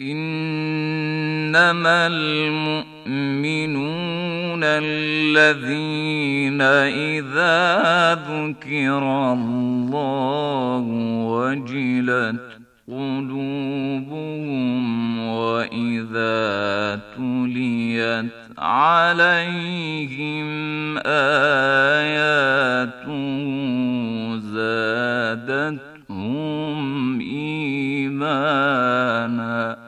انما المؤمنون الذين اذا ذكر الله وجلت قلوبهم واذا تليت عليهم اياته زادتهم ايمانا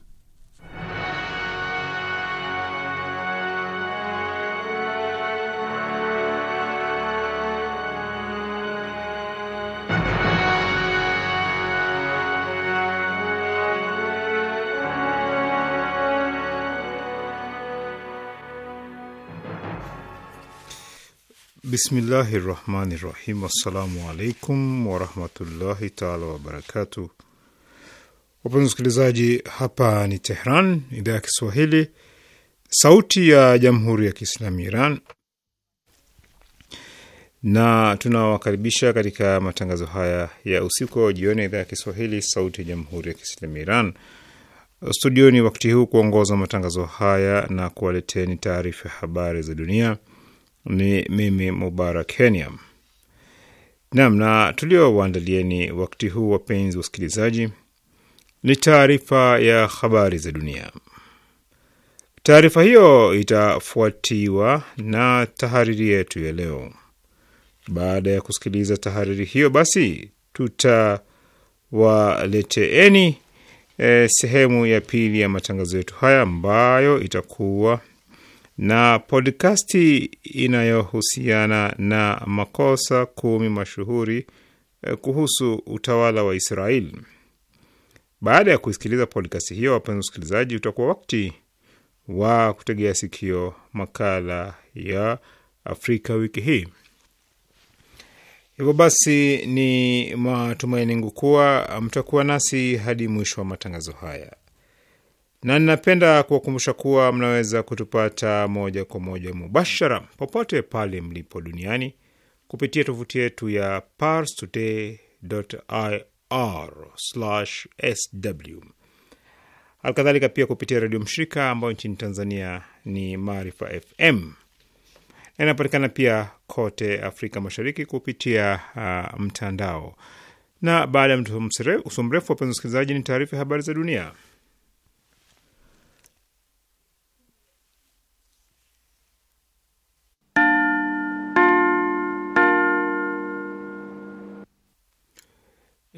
Bismillahi rahmani rahim. Assalamu alaikum warahmatullahi taala wabarakatu. Wapenzi wasikilizaji, hapa ni Tehran, idhaa ya Kiswahili, sauti ya jamhuri ya kiislamu Iran, na tunawakaribisha katika matangazo haya ya usiku wa jioni ya idhaa ya Kiswahili, sauti ya jamhuri ya kiislamu Iran. Studioni wakati huu kuongoza matangazo haya na kuwaleteni taarifa ya habari za dunia ni mimi Mubarak Kenya nam na tuliowaandalieni wakati huu, wapenzi wa usikilizaji ni taarifa ya habari za dunia. Taarifa hiyo itafuatiwa na tahariri yetu ya leo. Baada ya kusikiliza tahariri hiyo, basi tutawaleteeni eh, sehemu ya pili ya matangazo yetu haya ambayo itakuwa na podkasti inayohusiana na makosa kumi mashuhuri eh, kuhusu utawala wa Israel. Baada ya kusikiliza podkasti hiyo, wapenzi wasikilizaji, utakuwa wakati wa kutegea sikio makala ya Afrika wiki hii. Hivyo basi, ni matumaini yangu kuwa mtakuwa nasi hadi mwisho wa matangazo haya na ninapenda kuwakumbusha kuwa mnaweza kutupata moja kwa moja mubashara popote pale mlipo duniani kupitia tovuti yetu ya parstoday.ir/sw. Halikadhalika pia kupitia redio mshirika ambayo nchini Tanzania ni Maarifa FM na inapatikana pia kote Afrika Mashariki kupitia uh, mtandao. Na baada ya msumrefu, wapenzi wasikilizaji, ni taarifa ya habari za dunia.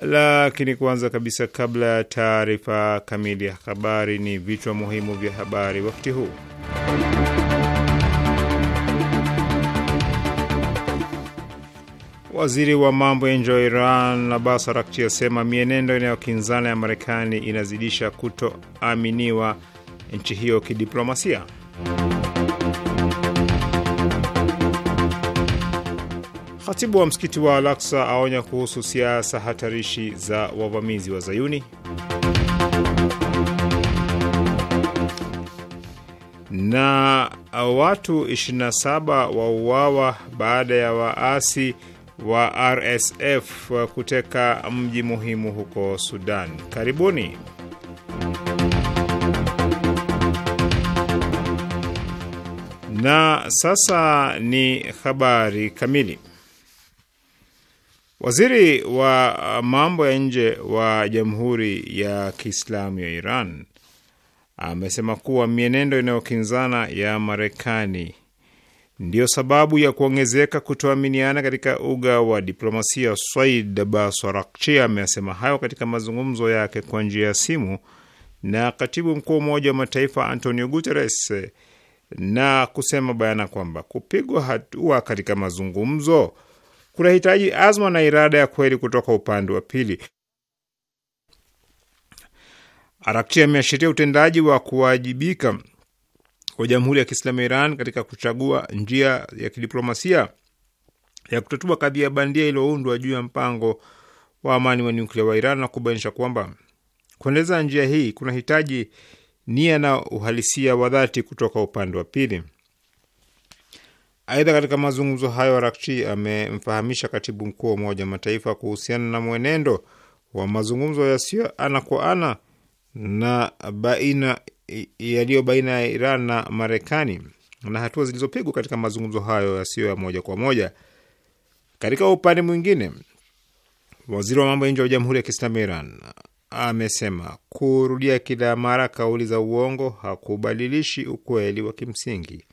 Lakini kwanza kabisa, kabla ya taarifa kamili ya habari, ni vichwa muhimu vya habari wakati huu. Waziri wa mambo ya nje wa Iran Abbas Araghchi asema mienendo inayokinzana ya Marekani inazidisha kutoaminiwa nchi hiyo kidiplomasia. Khatibu wa msikiti wa Al-Aqsa aonya kuhusu siasa hatarishi za wavamizi wa Zayuni. Na watu 27 wauawa baada ya waasi wa RSF kuteka mji muhimu huko Sudan. Karibuni. Na sasa ni habari kamili. Waziri wa uh, mambo ya nje wa Jamhuri ya Kiislamu ya Iran amesema kuwa mienendo inayokinzana ya Marekani ndiyo sababu ya kuongezeka kutoaminiana katika uga wa diplomasia. Said Abbas Araghchi amesema hayo katika mazungumzo yake kwa njia ya simu na katibu mkuu wa Umoja wa Mataifa Antonio Guterres na kusema bayana kwamba kupigwa hatua katika mazungumzo kunahitaji azma na irada ya kweli kutoka upande wa pili. Arakchi ameashiria utendaji wa kuwajibika wa Jamhuri ya Kiislamu ya Iran katika kuchagua njia ya kidiplomasia ya kutatua kadhia bandia iliyoundwa juu ya mpango wa amani wa nyuklia wa Iran na kubainisha kwamba kuendeleza njia hii kunahitaji nia na uhalisia wa dhati kutoka upande wa pili. Aidha, katika mazungumzo hayo Rakchi amemfahamisha katibu mkuu wa Umoja wa Mataifa kuhusiana na mwenendo wa mazungumzo yasiyo ana kwa ana na baina yaliyo baina ya Iran na Marekani na hatua zilizopigwa katika mazungumzo hayo yasiyo ya moja kwa moja. Katika upande mwingine, waziri wa mambo ya nje wa Jamhuri ya Kiislamu ya Iran amesema kurudia kila mara kauli za uongo hakubadilishi ukweli wa kimsingi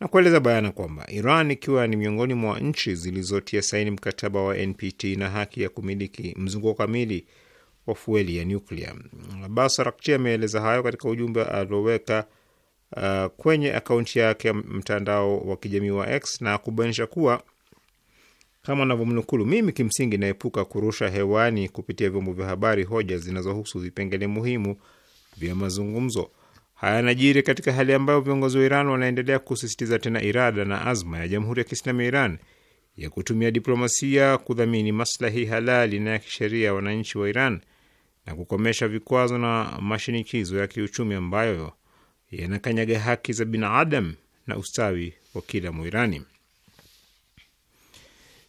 na kueleza bayana kwamba Iran ikiwa ni miongoni mwa nchi zilizotia saini mkataba wa NPT na haki ya kumiliki mzunguko kamili wa fueli ya nyuklia. Abbas Araghchi ameeleza hayo katika ujumbe alioweka uh, kwenye akaunti yake mtandao wa kijamii wa X na kubainisha kuwa kama anavyomnukulu, mimi kimsingi naepuka kurusha hewani kupitia vyombo vya habari hoja zinazohusu vipengele muhimu vya mazungumzo. Haya yanajiri katika hali ambayo viongozi wa Iran wanaendelea kusisitiza tena irada na azma ya Jamhuri ya Kiislamu ya Iran ya kutumia diplomasia kudhamini maslahi halali na ya kisheria wananchi wa Iran na kukomesha vikwazo na mashinikizo ya kiuchumi ambayo yanakanyaga haki za binadamu na ustawi wa kila Mwirani.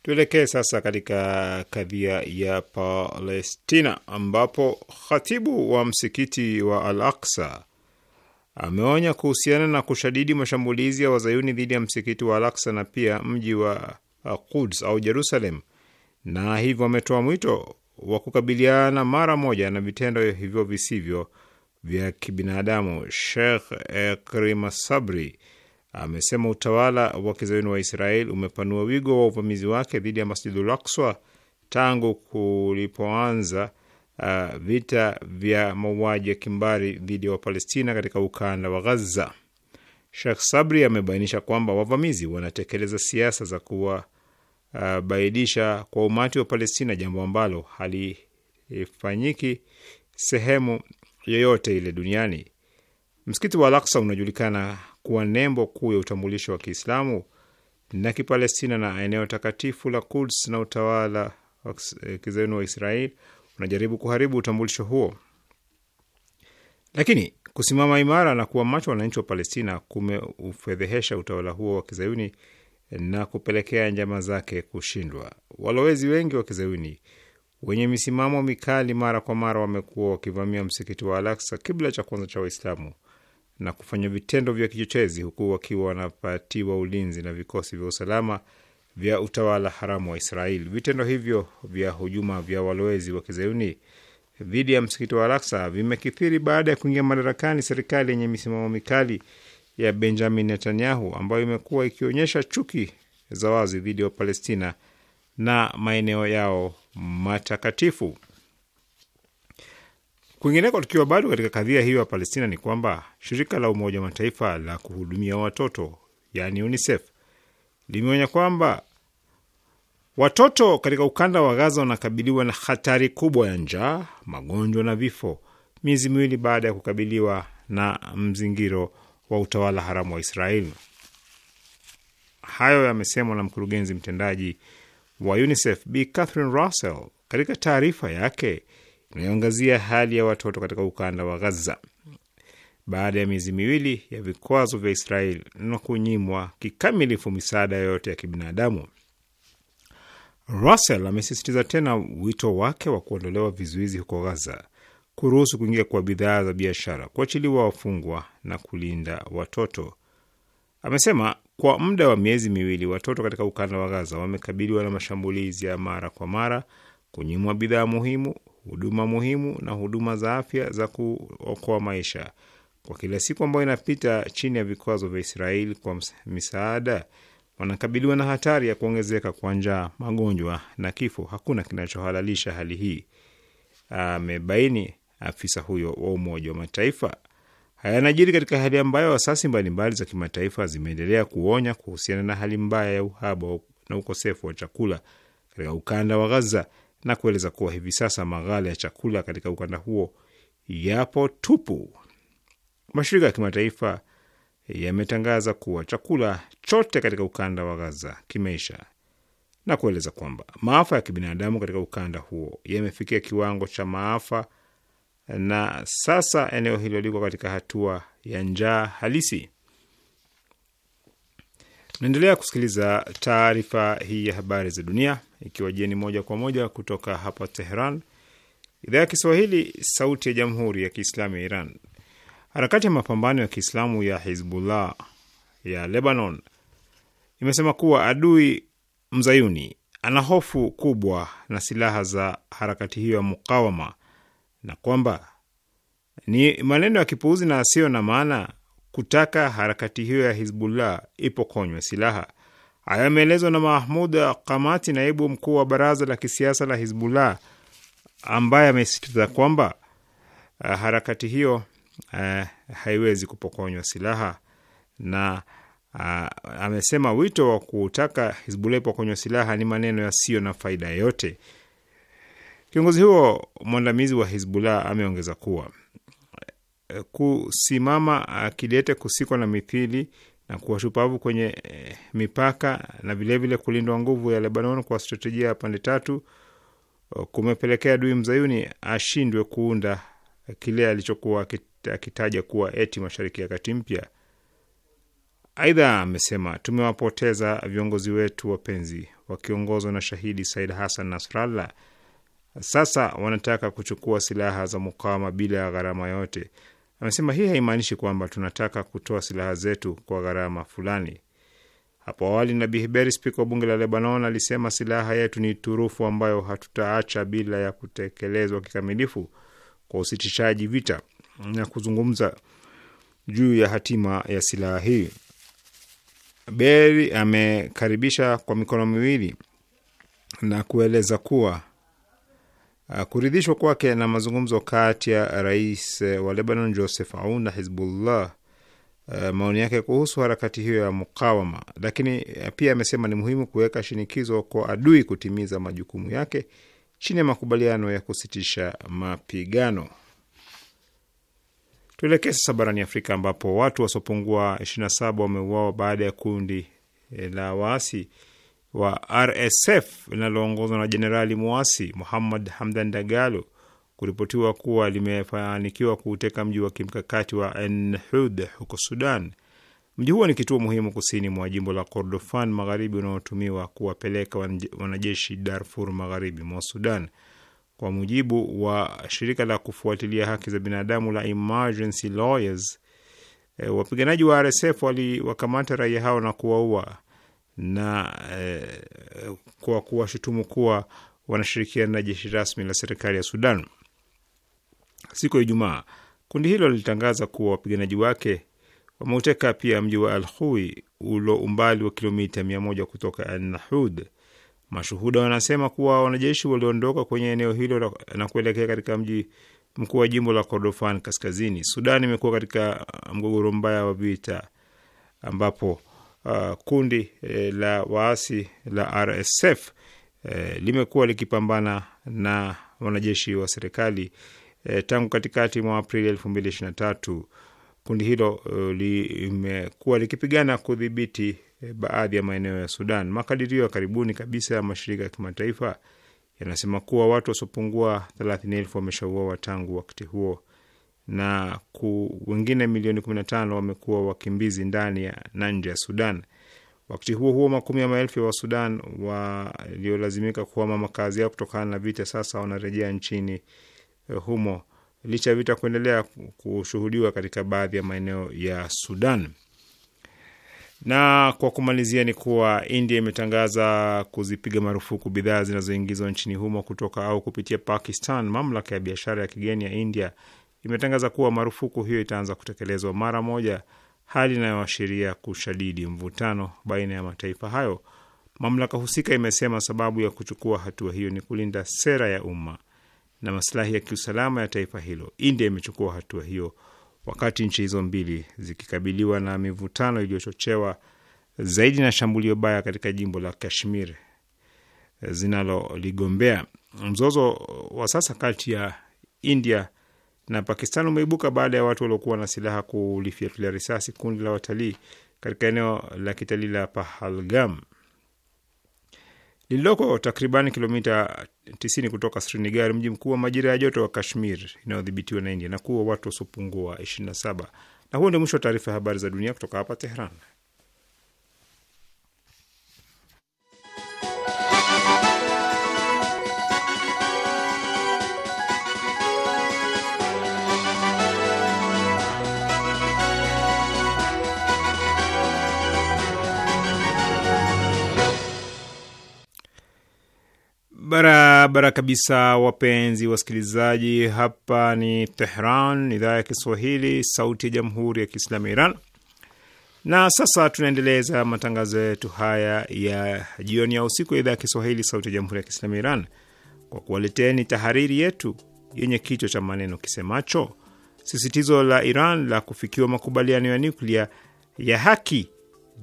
Tuelekee sasa katika kadhia ya Palestina ambapo khatibu wa msikiti wa Al Aksa ameonya kuhusiana na kushadidi mashambulizi ya wazayuni dhidi ya msikiti wa Al-Aqsa na pia mji wa uh, Quds au Jerusalem, na hivyo ametoa mwito wa kukabiliana mara moja na vitendo hivyo visivyo vya kibinadamu. Sheikh Ekrima Sabri amesema utawala wa kizayuni wa Israel umepanua wigo wa uvamizi wake dhidi ya Masjidul Aqsa tangu kulipoanza uh, vita vya mauaji ya kimbari dhidi ya Wapalestina katika ukanda wa Gaza. Sheikh Sabri amebainisha kwamba wavamizi wanatekeleza siasa za kuwabaidisha uh, kwa umati wa Palestina, jambo ambalo halifanyiki sehemu yoyote ile duniani. Msikiti wa Al-Aqsa unajulikana kuwa nembo kuu ya utambulisho wa Kiislamu na Kipalestina na eneo takatifu la Quds na utawala wa kizayuni wa Israeli unajaribu kuharibu utambulisho huo. Lakini kusimama imara na kuwa macho wananchi wa Palestina kumeufedhehesha utawala huo wa kizayuni na kupelekea njama zake kushindwa. Walowezi wengi wa kizayuni wenye misimamo mikali mara kwa mara wamekuwa wakivamia msikiti wa Al-Aqsa, kibla cha kwanza cha Waislamu, na kufanya vitendo vya kichochezi, huku wakiwa wanapatiwa ulinzi na vikosi vya usalama vya utawala haramu wa Israeli. Vitendo hivyo vya hujuma vya walowezi wa kizayuni dhidi ya msikiti wa Al-Aqsa vimekithiri baada ya kuingia madarakani serikali yenye misimamo mikali ya Benjamin Netanyahu ambayo imekuwa ikionyesha chuki za wazi dhidi ya Palestina na maeneo yao matakatifu. Kwingineko, tukiwa bado katika kadhia hiyo ya Palestina, ni kwamba shirika la Umoja wa Mataifa la kuhudumia watoto yaani UNICEF limeonya kwamba watoto katika ukanda wa Gaza wanakabiliwa na hatari kubwa ya njaa, magonjwa na vifo, miezi miwili baada ya kukabiliwa na mzingiro wa utawala haramu wa Israeli. Hayo yamesemwa na mkurugenzi mtendaji wa UNICEF b Catherine Russell katika taarifa yake inayoangazia hali ya watoto katika ukanda wa Gaza baada ya miezi miwili ya vikwazo vya Israel na kunyimwa kikamilifu misaada yoyote ya kibinadamu. Russell amesisitiza tena wito wake wa kuondolewa vizuizi huko Gaza, kuruhusu kuingia kwa bidhaa za biashara, kuachiliwa wafungwa na kulinda watoto. Amesema kwa muda wa miezi miwili watoto katika ukanda wa Gaza wamekabiliwa na mashambulizi ya mara kwa mara, kunyimwa bidhaa muhimu, huduma muhimu na huduma za afya za kuokoa maisha. Kwa kila siku ambayo inapita chini ya vikwazo vya Israeli kwa misaada, wanakabiliwa na hatari ya kuongezeka kwa njaa, magonjwa na kifo. Hakuna kinachohalalisha hali hii, amebaini afisa huyo wa Umoja wa Mataifa. Haya yanajiri katika hali ambayo asasi mbalimbali za kimataifa zimeendelea kuonya kuhusiana na hali mbaya ya uhaba na ukosefu wa chakula katika ukanda wa Gaza na kueleza kuwa hivi sasa maghala ya chakula katika ukanda huo yapo tupu Mashirika ya kimataifa yametangaza kuwa chakula chote katika ukanda wa Gaza kimeisha na kueleza kwamba maafa ya kibinadamu katika ukanda huo yamefikia kiwango cha maafa na sasa eneo hilo liko katika hatua ya njaa halisi. Naendelea kusikiliza taarifa hii ya habari za dunia, ikiwa jieni moja kwa moja kutoka hapa Teheran, idhaa ya Kiswahili, sauti ya jamhuri ya kiislamu ya Iran. Harakati ya mapambano ya Kiislamu ya Hizbullah ya Lebanon imesema kuwa adui mzayuni ana hofu kubwa na silaha za harakati hiyo ya mukawama na kwamba ni maneno ya kipuuzi na asiyo na maana kutaka harakati hiyo ya Hizbullah ipokonywe silaha. Haya yameelezwa na Mahmud Kamati, naibu mkuu wa baraza la kisiasa la Hizbullah, ambaye amesisitiza kwamba eh, harakati hiyo eh, haiwezi kupokonywa silaha na ah, amesema wito wa kutaka Hizbullah ipokonywa silaha ni maneno yasiyo na faida yote Kiongozi huo mwandamizi wa Hizbullah ameongeza kuwa eh, kusimama ah, kidete kusikwa na mithili na kuwa shupavu kwenye e, mipaka na vilevile kulindwa nguvu ya Lebanon kwa stratejia ya pande tatu oh, kumepelekea adui mzayuni ashindwe kuunda kile alichokuwa akitaja kuwa eti Mashariki ya Kati mpya. Aidha amesema tumewapoteza viongozi wetu wapenzi, wakiongozwa na shahidi Said Hassan Nasrallah. Sasa wanataka kuchukua silaha za mukawama bila ya gharama yote. Amesema hii haimaanishi kwamba tunataka kutoa silaha zetu kwa gharama fulani. Hapo awali Nabih Berri, spika wa bunge la Lebanon, alisema silaha yetu ni turufu ambayo hatutaacha bila ya kutekelezwa kikamilifu kwa usitishaji vita na kuzungumza juu ya hatima ya silaha hii. Beri amekaribisha kwa mikono miwili na kueleza kuwa uh, kuridhishwa kwake na mazungumzo kati ya rais uh, wa Lebanon Joseph Aoun na Hizbullah, uh, maoni yake kuhusu harakati hiyo ya mukawama. Lakini pia amesema ni muhimu kuweka shinikizo kwa adui kutimiza majukumu yake chini ya makubaliano ya kusitisha mapigano. Tuelekee sasa barani Afrika ambapo watu wasiopungua 27 wameuawa baada ya kundi eh, la waasi wa RSF linaloongozwa na jenerali mwasi Muhammad Hamdan Dagalo kuripotiwa kuwa limefanikiwa kuuteka mji wa kimkakati wa Enhud huko Sudan. Mji huo ni kituo muhimu kusini mwa jimbo la Kordofan Magharibi unaotumiwa kuwapeleka wanajeshi Darfur magharibi mwa Sudan. Kwa mujibu wa shirika la kufuatilia haki za binadamu la Emergency Lawyers, e, wapiganaji wa RSF waliwakamata raia hao na kuwaua na e, kwa kuwashutumu kuwa wanashirikiana na jeshi rasmi la serikali ya Sudan. Siku ya Ijumaa, kundi hilo lilitangaza kuwa wapiganaji wake wameuteka pia mji wa Al Hui ulo umbali wa kilomita mia moja kutoka Al Nahud. Mashuhuda wanasema kuwa wanajeshi waliondoka kwenye eneo hilo na kuelekea katika mji mkuu wa jimbo la Kordofan kaskazini. Sudan imekuwa katika uh, mgogoro mbaya wa vita ambapo uh, kundi eh, la waasi la RSF eh, limekuwa likipambana na wanajeshi wa serikali eh, tangu katikati mwa Aprili elfu mbili na tatu. Kundi hilo uh, limekuwa likipigana kudhibiti Eh, baadhi ya maeneo ya Sudan. Makadirio ya karibuni kabisa ya mashirika ya kimataifa yanasema kuwa watu wasiopungua thelathini wameshauawa tangu wakati huo na ku wengine milioni 15 wamekuwa wakimbizi ndani ya na nje ya Sudan. Wakati huo huo, makumi ya maelfu ya Wasudan waliolazimika kuhama makazi yao kutokana na vita sasa wanarejea nchini eh, humo licha ya vita kuendelea kushuhudiwa katika baadhi ya maeneo ya Sudan. Na kwa kumalizia ni kuwa India imetangaza kuzipiga marufuku bidhaa zinazoingizwa nchini humo kutoka au kupitia Pakistan. Mamlaka ya biashara ya kigeni ya India imetangaza kuwa marufuku hiyo itaanza kutekelezwa mara moja, hali inayoashiria kushadidi mvutano baina ya mataifa hayo. Mamlaka husika imesema sababu ya kuchukua hatua hiyo ni kulinda sera ya umma na masilahi ya kiusalama ya taifa hilo. India imechukua hatua hiyo wakati nchi hizo mbili zikikabiliwa na mivutano iliyochochewa zaidi na shambulio baya katika jimbo la Kashmir zinaloligombea. Mzozo wa sasa kati ya India na Pakistan umeibuka baada ya watu waliokuwa na silaha kulifyatulia risasi kundi la watalii katika eneo la kitalii la Pahalgam lililoko takriban kilomita 90 kutoka Srinagar, mji mkuu wa majira ya joto wa Kashmir inayodhibitiwa na India na kuwa watu wasiopungua 27. Na huo ndio mwisho wa taarifa ya habari za dunia kutoka hapa Tehran. Barabara kabisa, wapenzi wasikilizaji, hapa ni Tehran, idhaa ya Kiswahili, sauti ya jamhuri ya kiislamu ya Iran. Na sasa tunaendeleza matangazo yetu haya ya jioni ya usiku ya idhaa ya Kiswahili, sauti ya jamhuri ya kiislamu ya Iran kwa kuwaleteni tahariri yetu yenye kichwa cha maneno kisemacho sisitizo la Iran la kufikiwa makubaliano ya nuklia ya haki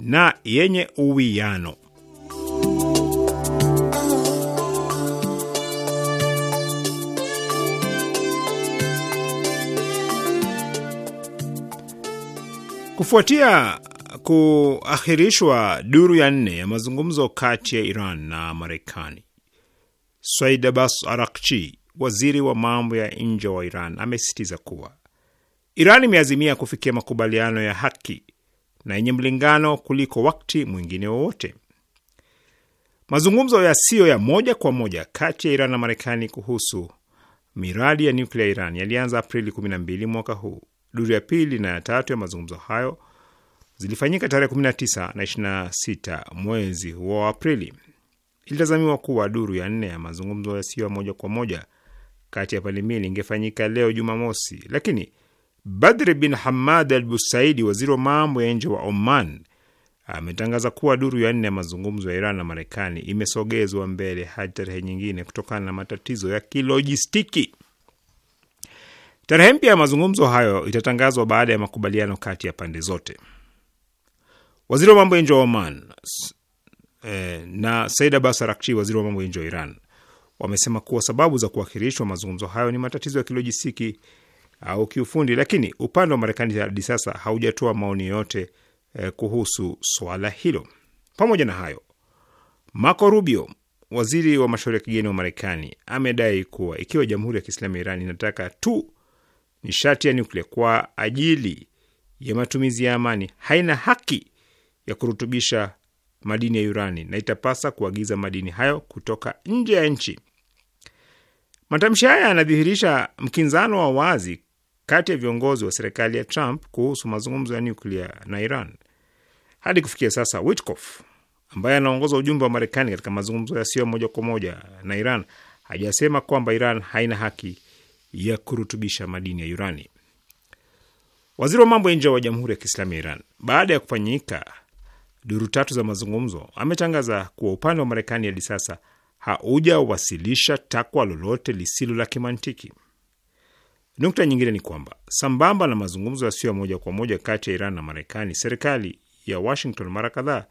na yenye uwiano. kufuatia kuahirishwa duru ya nne ya mazungumzo kati ya Iran na Marekani. Said Abbas Arakchi, waziri wa mambo ya nje wa Iran, amesisitiza kuwa Iran imeazimia kufikia makubaliano ya haki na yenye mlingano kuliko wakati mwingine wowote. Mazungumzo yasiyo ya moja kwa moja kati ya Iran na Marekani kuhusu miradi ya nyuklia ya Iran yalianza Aprili 12 mwaka huu Duru ya pili na ya tatu ya mazungumzo hayo zilifanyika tarehe 19 na 26 mwezi wa Aprili. Ilitazamiwa kuwa duru ya nne ya mazungumzo yasiyo moja kwa moja kati ya pande mbili ingefanyika leo Jumamosi, lakini Badr bin Hamad al Busaidi, waziri wa mambo ya nje wa Oman, ametangaza kuwa duru ya nne ya mazungumzo ya Iran na Marekani imesogezwa mbele hadi tarehe nyingine kutokana na matatizo ya kilojistiki. Tarehe mpya ya mazungumzo hayo itatangazwa baada ya makubaliano kati ya pande zote. Waziri wa mambo ya nje wa Oman eh, na Said Abbas Arakchi, waziri wa mambo ya nje wa Iran, wamesema kuwa sababu za kuahirishwa mazungumzo hayo ni matatizo ya kilojistiki au kiufundi, lakini upande wa Marekani hadi sasa haujatoa maoni yoyote eh, kuhusu swala hilo. Pamoja na hayo, Marco Rubio, waziri wa mashauri ya kigeni wa Marekani, amedai kuwa ikiwa Jamhuri ya Kiislamu ya Iran inataka tu nishati ya nyuklia kwa ajili ya matumizi ya amani haina haki ya kurutubisha madini ya urani na itapasa kuagiza madini hayo kutoka nje ya nchi. Matamshi haya yanadhihirisha mkinzano wa wazi kati ya viongozi wa serikali ya Trump kuhusu mazungumzo ya nyuklia na Iran. Hadi kufikia sasa, Witkoff ambaye anaongoza ujumbe wa Marekani katika mazungumzo yasiyo moja kwa moja na Iran hajasema kwamba Iran haina haki ya kurutubisha madini ya urani. Waziri wa mambo ya nje wa Jamhuri ya Kiislamu ya Iran, baada ya kufanyika duru tatu za mazungumzo, ametangaza kuwa upande wa Marekani hadi sasa haujawasilisha takwa lolote lisilo la kimantiki. Nukta nyingine ni kwamba sambamba na mazungumzo yasiyo ya moja kwa moja kati ya Iran na Marekani, serikali ya Washington mara kadhaa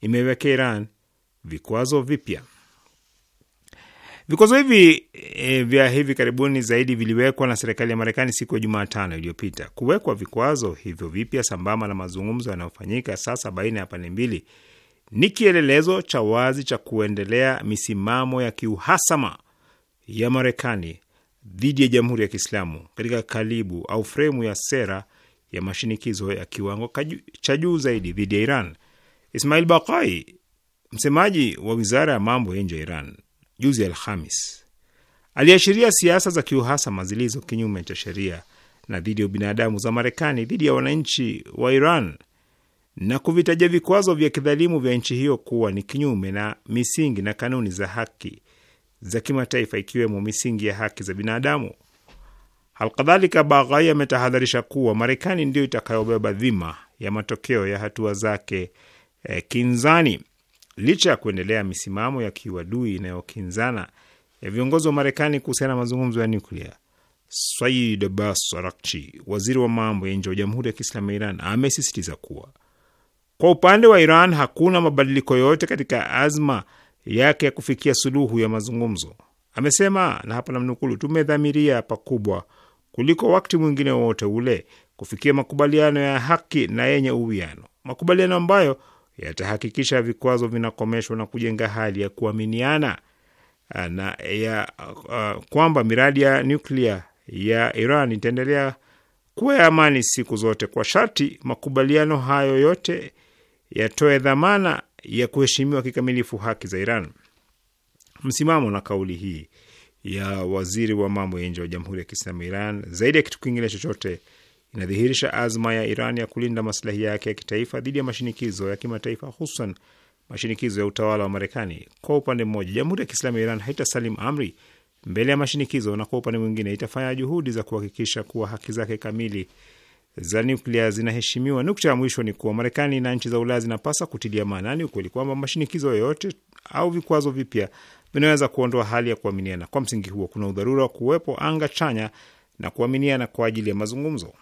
imewekea Iran vikwazo vipya. Vikwazo hivi e, vya hivi karibuni zaidi viliwekwa na serikali ya Marekani siku ya Jumatano iliyopita. Kuwekwa vikwazo hivyo vipya sambamba na mazungumzo yanayofanyika sasa baina ya pande mbili ni kielelezo cha wazi cha kuendelea misimamo ya kiuhasama ya Marekani dhidi ya Jamhuri ya Kiislamu katika kalibu au fremu ya sera ya mashinikizo ya kiwango cha juu zaidi dhidi ya Iran. Ismail Bakai, msemaji wa wizara ya mambo ya nje ya Iran, juzi Alhamis aliashiria siasa za kiuhasama zilizo kinyume cha sheria na dhidi ya ubinadamu za Marekani dhidi ya wananchi wa Iran na kuvitaja vikwazo vya kidhalimu vya nchi hiyo kuwa ni kinyume na misingi na kanuni za haki za kimataifa ikiwemo misingi ya haki za binadamu. Halkadhalika, Baghai ametahadharisha kuwa Marekani ndiyo itakayobeba dhima ya matokeo ya hatua zake eh, kinzani licha ya kuendelea misimamo ya kiuadui inayokinzana ya viongozi wa Marekani kuhusiana na mazungumzo ya nuklia, said Abbas Arakchi, waziri wa mambo ya nje wa Jamhuri ya Kiislamu ya Iran, amesisitiza kuwa kwa upande wa Iran hakuna mabadiliko yoyote katika azma yake ya kufikia suluhu ya mazungumzo. Amesema, na hapa namnukulu, tumedhamiria pakubwa kuliko wakati mwingine wowote ule kufikia makubaliano ya haki na yenye uwiano, makubaliano ambayo yatahakikisha vikwazo vinakomeshwa na kujenga hali ya kuaminiana ah, na ya uh, kwamba miradi ya nyuklia ya Iran itaendelea kuwa ya amani siku zote, kwa sharti makubaliano hayo yote yatoe dhamana ya kuheshimiwa kikamilifu haki za Iran. Msimamo na kauli hii ya waziri wa mambo ya nje wa Jamhuri ya Kiislamu Iran, zaidi ya kitu kingine chochote inadhihirisha azma ya Iran ya kulinda maslahi yake ya kitaifa dhidi ya mashinikizo ya kimataifa, hususan mashinikizo ya utawala wa Marekani. Kwa upande mmoja, Jamhuri ya Kiislamu ya Iran haitasalim amri mbele ya mashinikizo, na kwa upande mwingine itafanya juhudi za kuhakikisha kuwa haki zake kamili za nuklia zinaheshimiwa. Nukta ya mwisho ni kuwa Marekani na nchi za Ulaya zinapasa kutilia maanani ukweli kwamba mashinikizo yoyote au vikwazo vipya vinaweza kuondoa hali ya kuaminiana. Kwa msingi huo, kuna udharura wa kuwepo anga chanya na kuaminiana kwa ajili ya mazungumzo.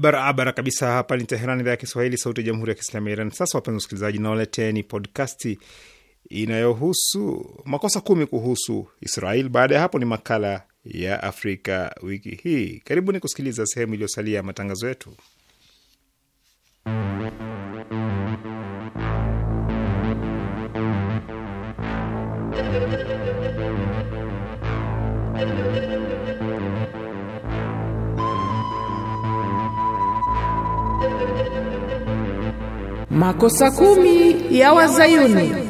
Barabara kabisa. Hapa ni Teherani, idhaa ya Kiswahili, sauti ya jamhuri ya kiislamu ya Iran. Sasa wapenzi wasikilizaji, nawaleteni podkasti inayohusu makosa kumi kuhusu Israel. Baada ya hapo ni makala ya Afrika wiki hii. Karibuni kusikiliza sehemu iliyosalia ya matangazo yetu. Makosa kumi ya Wazayuni.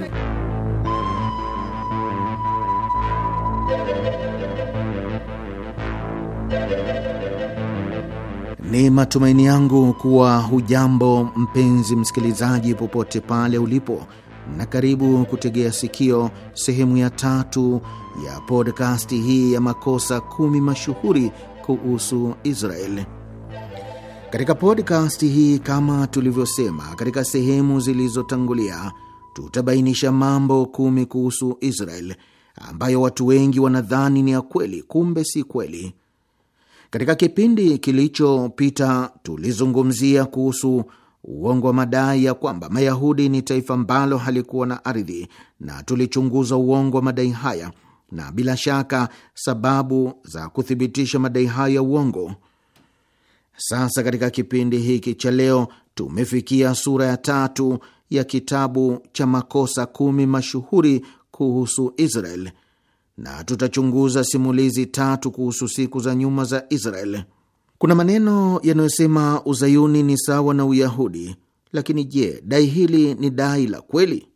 Ni matumaini yangu kuwa hujambo mpenzi msikilizaji, popote pale ulipo, na karibu kutegea sikio sehemu ya tatu ya podkasti hii ya makosa kumi mashuhuri kuhusu israel Katika podkasti hii, kama tulivyosema katika sehemu zilizotangulia, tutabainisha mambo kumi kuhusu israel ambayo watu wengi wanadhani ni ya kweli, kumbe si kweli. Katika kipindi kilichopita tulizungumzia kuhusu uongo wa madai ya kwamba Mayahudi ni taifa ambalo halikuwa na ardhi, na tulichunguza uongo wa madai haya na bila shaka sababu za kuthibitisha madai hayo ya uongo. Sasa katika kipindi hiki cha leo tumefikia sura ya tatu ya kitabu cha makosa kumi mashuhuri kuhusu Israel na tutachunguza simulizi tatu kuhusu siku za nyuma za Israel. Kuna maneno yanayosema uzayuni ni sawa na Uyahudi, lakini je, dai hili ni dai la kweli?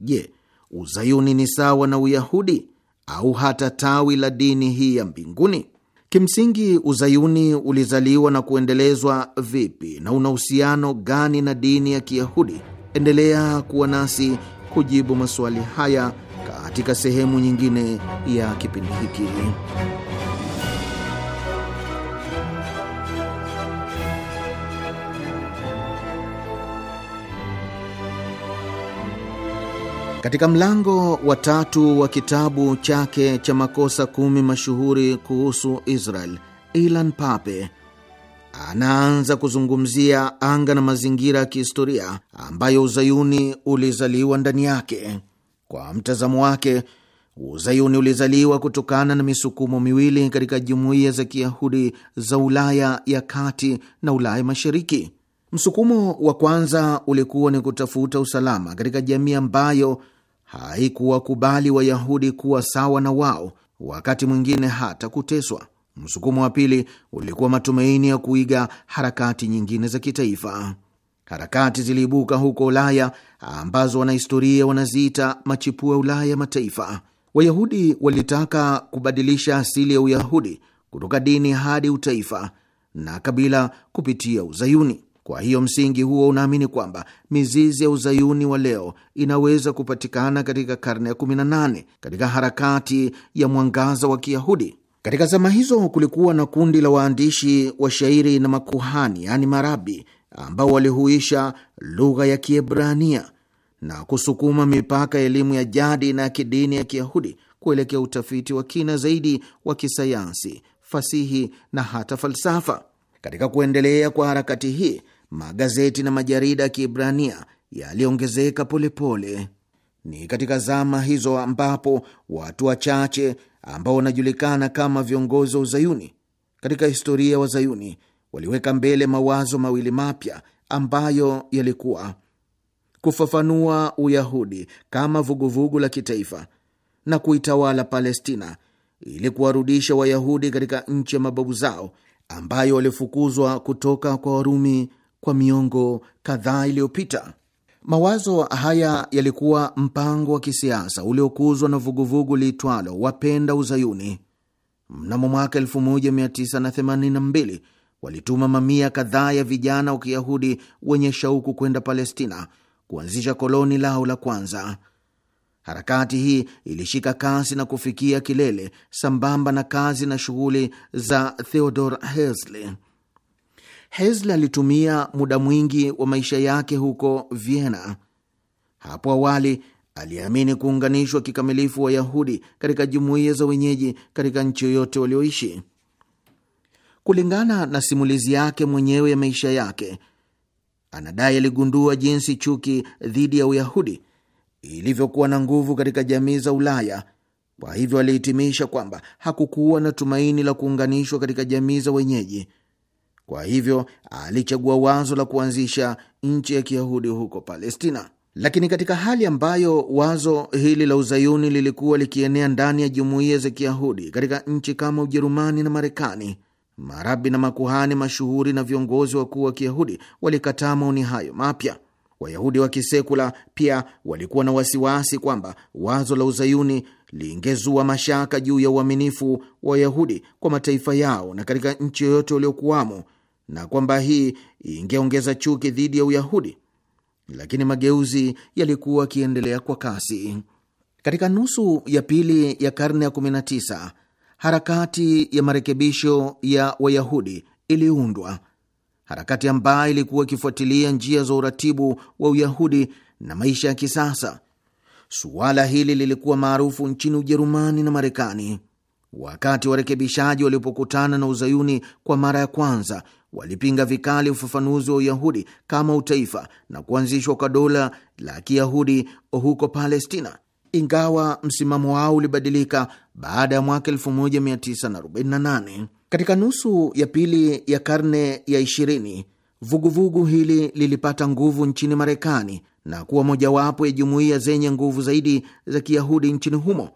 Je, uzayuni ni sawa na Uyahudi au hata tawi la dini hii ya mbinguni? Kimsingi, uzayuni ulizaliwa na kuendelezwa vipi na una uhusiano gani na dini ya Kiyahudi? Endelea kuwa nasi kujibu maswali haya katika sehemu nyingine ya kipindi hiki. Katika mlango wa tatu wa kitabu chake cha makosa kumi mashuhuri kuhusu Israel, Ilan Pape anaanza kuzungumzia anga na mazingira ya kihistoria ambayo uzayuni ulizaliwa ndani yake. Kwa mtazamo wake, Uzayuni ulizaliwa kutokana na misukumo miwili katika jumuiya za Kiyahudi za Ulaya ya kati na Ulaya Mashariki. Msukumo wa kwanza ulikuwa ni kutafuta usalama katika jamii ambayo haikuwakubali Wayahudi kuwa sawa na wao, wakati mwingine hata kuteswa. Msukumo wa pili ulikuwa matumaini ya kuiga harakati nyingine za kitaifa. Harakati ziliibuka huko Ulaya ambazo wanahistoria wanaziita machipua ya Ulaya ya mataifa. Wayahudi walitaka kubadilisha asili ya Uyahudi kutoka dini hadi utaifa na kabila kupitia Uzayuni. Kwa hiyo msingi huo unaamini kwamba mizizi ya uzayuni wa leo inaweza kupatikana katika karne ya 18 katika harakati ya mwangaza wa Kiyahudi. Katika zama hizo kulikuwa na kundi la waandishi wa shairi na makuhani, yaani marabi, ambao walihuisha lugha ya Kiebrania na kusukuma mipaka ya elimu ya jadi na kidini ya Kiyahudi kuelekea utafiti wa kina zaidi wa kisayansi, fasihi na hata falsafa. Katika kuendelea kwa harakati hii, magazeti na majarida ya Kiebrania yaliongezeka polepole. Ni katika zama hizo ambapo watu wachache ambao wanajulikana kama viongozi wa Uzayuni katika historia wa Zayuni waliweka mbele mawazo mawili mapya ambayo yalikuwa kufafanua Uyahudi kama vuguvugu vugu la kitaifa na kuitawala Palestina ili kuwarudisha Wayahudi katika nchi ya mababu zao ambayo walifukuzwa kutoka kwa Warumi kwa miongo kadhaa iliyopita. Mawazo haya yalikuwa mpango wa kisiasa uliokuzwa na vuguvugu liitwalo Wapenda Uzayuni. Mnamo mwaka 1982 walituma mamia kadhaa ya vijana wa Kiyahudi wenye shauku kwenda Palestina kuanzisha koloni lao la kwanza. Harakati hii ilishika kasi na kufikia kilele sambamba na kazi na shughuli za Theodor Herzl. Herzl alitumia muda mwingi wa maisha yake huko Vienna. Hapo awali aliamini kuunganishwa kikamilifu Wayahudi katika jumuiya za wenyeji katika nchi yoyote walioishi. Kulingana na simulizi yake mwenyewe ya maisha yake, anadai aligundua jinsi chuki dhidi ya Uyahudi ilivyokuwa na nguvu katika jamii za Ulaya. Kwa hivyo alihitimisha kwamba hakukuwa na tumaini la kuunganishwa katika jamii za wenyeji. Kwa hivyo alichagua wazo la kuanzisha nchi ya Kiyahudi huko Palestina. Lakini katika hali ambayo wazo hili la uzayuni lilikuwa likienea ndani ya jumuiya za Kiyahudi katika nchi kama Ujerumani na Marekani, Marabi na makuhani mashuhuri na viongozi wakuu wa Kiyahudi walikataa maoni hayo mapya. Wayahudi wa kisekula pia walikuwa na wasiwasi kwamba wazo la uzayuni liingezua mashaka juu ya uaminifu wa Wayahudi kwa mataifa yao na katika nchi yoyote waliokuwamo, na kwamba hii ingeongeza chuki dhidi ya Uyahudi. Lakini mageuzi yalikuwa yakiendelea kwa kasi. Katika nusu ya pili ya karne ya 19 harakati ya marekebisho ya Wayahudi iliundwa, harakati ambayo ilikuwa ikifuatilia njia za uratibu wa Uyahudi na maisha ya kisasa. Suala hili lilikuwa maarufu nchini Ujerumani na Marekani. Wakati warekebishaji walipokutana na uzayuni kwa mara ya kwanza, walipinga vikali ufafanuzi wa Uyahudi kama utaifa na kuanzishwa kwa dola la Kiyahudi huko Palestina. Ingawa msimamo wao ulibadilika baada ya mwaka 1948. Katika nusu ya pili ya karne ya 20 vuguvugu hili lilipata nguvu nchini Marekani na kuwa mojawapo ya jumuiya zenye nguvu zaidi za Kiyahudi nchini humo.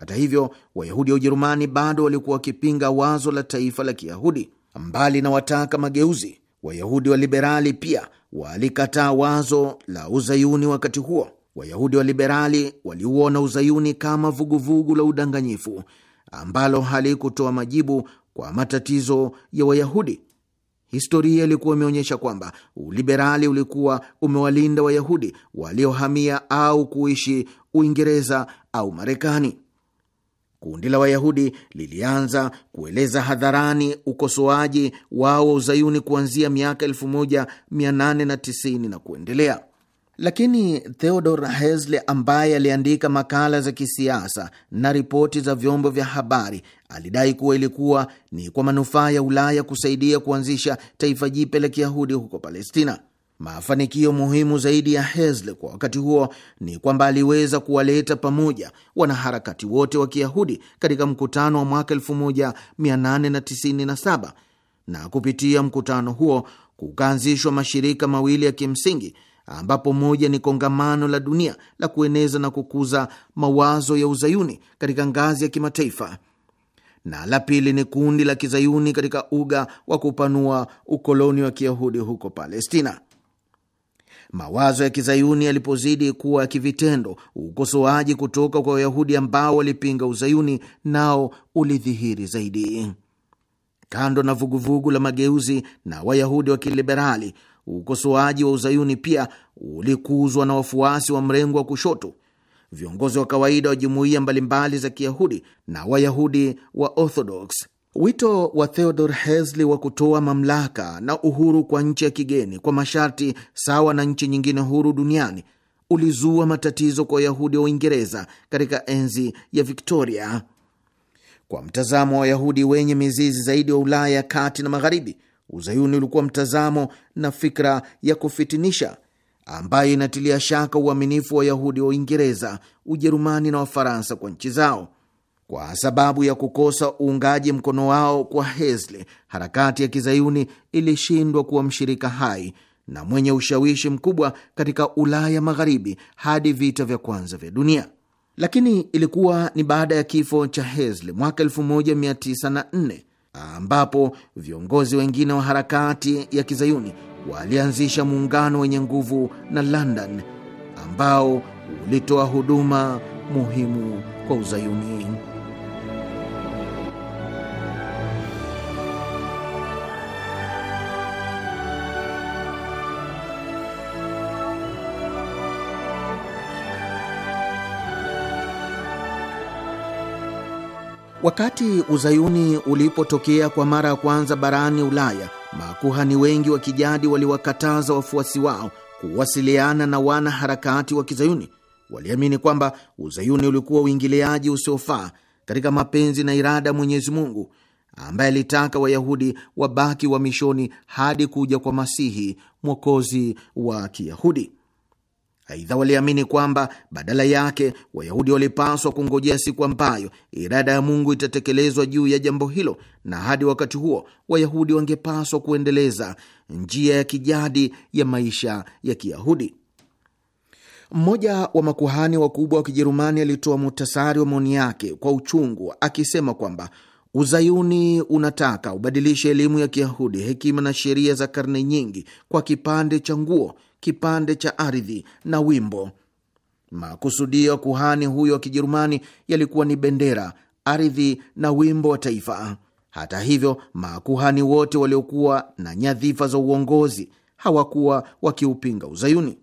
Hata hivyo, Wayahudi wa Ujerumani bado walikuwa wakipinga wazo la taifa la Kiyahudi. Mbali na wataka mageuzi, Wayahudi wa liberali pia walikataa wazo la uzayuni wakati huo. Wayahudi wa liberali waliuona uzayuni kama vuguvugu vugu la udanganyifu ambalo halikutoa majibu kwa matatizo ya Wayahudi. Historia ilikuwa imeonyesha kwamba uliberali ulikuwa umewalinda Wayahudi waliohamia au kuishi Uingereza au Marekani. Kundi la Wayahudi lilianza kueleza hadharani ukosoaji wao wa uzayuni kuanzia miaka 1890 na kuendelea. Lakini Theodor Herzl ambaye aliandika makala za kisiasa na ripoti za vyombo vya habari alidai kuwa ilikuwa ni kwa manufaa ya Ulaya kusaidia kuanzisha taifa jipya la Kiyahudi huko Palestina. Mafanikio muhimu zaidi ya Herzl kwa wakati huo ni kwamba aliweza kuwaleta pamoja wanaharakati wote wa Kiyahudi katika mkutano wa mwaka 1897 na kupitia mkutano huo kukaanzishwa mashirika mawili ya kimsingi ambapo moja ni kongamano la dunia la kueneza na kukuza mawazo ya uzayuni katika ngazi ya kimataifa na la pili ni kundi la kizayuni katika uga wa kupanua ukoloni wa kiyahudi huko Palestina. Mawazo ya kizayuni yalipozidi kuwa ya kivitendo, ukosoaji kutoka kwa Wayahudi ambao walipinga uzayuni nao ulidhihiri zaidi. Kando na vuguvugu la mageuzi na Wayahudi wa kiliberali, Ukosoaji wa uzayuni pia ulikuzwa na wafuasi wa mrengo wa kushoto, viongozi wa kawaida wa jumuiya mbalimbali za Kiyahudi na Wayahudi wa Orthodox. Wito wa Theodor Herzl wa kutoa mamlaka na uhuru kwa nchi ya kigeni kwa masharti sawa na nchi nyingine huru duniani ulizua matatizo kwa Wayahudi wa Uingereza katika enzi ya Viktoria. Kwa mtazamo wa Wayahudi wenye mizizi zaidi wa Ulaya ya kati na magharibi Uzayuni ulikuwa mtazamo na fikra ya kufitinisha ambayo inatilia shaka uaminifu wa Wayahudi wa Uingereza, Ujerumani na Wafaransa kwa nchi zao kwa sababu ya kukosa uungaji mkono wao kwa Hesle, harakati ya kizayuni ilishindwa kuwa mshirika hai na mwenye ushawishi mkubwa katika Ulaya Magharibi hadi vita vya kwanza vya dunia. Lakini ilikuwa ni baada ya kifo cha Hesle mwaka 1904 ambapo viongozi wengine wa harakati ya kizayuni walianzisha muungano wenye nguvu na London ambao ulitoa huduma muhimu kwa uzayuni. Wakati uzayuni ulipotokea kwa mara ya kwanza barani Ulaya, makuhani wengi wa kijadi waliwakataza wafuasi wao kuwasiliana na wanaharakati wa kizayuni. Waliamini kwamba uzayuni ulikuwa uingiliaji usiofaa katika mapenzi na irada mwenyezimungu Mwenyezi Mungu ambaye alitaka Wayahudi wabaki wa mishoni hadi kuja kwa Masihi mwokozi wa Kiyahudi. Aidha, waliamini kwamba badala yake Wayahudi walipaswa kungojea siku ambayo irada ya Mungu itatekelezwa juu ya jambo hilo, na hadi wakati huo Wayahudi wangepaswa kuendeleza njia ya kijadi ya maisha ya Kiyahudi. Mmoja wa makuhani wakubwa wa Kijerumani alitoa muhtasari wa maoni yake kwa uchungu, akisema kwamba Uzayuni unataka ubadilishe elimu ya Kiyahudi, hekima na sheria za karne nyingi kwa kipande cha nguo kipande cha ardhi na wimbo. Makusudio kuhani huyo wa Kijerumani yalikuwa ni bendera, ardhi na wimbo wa taifa. Hata hivyo, makuhani wote waliokuwa na nyadhifa za uongozi hawakuwa wakiupinga Uzayuni.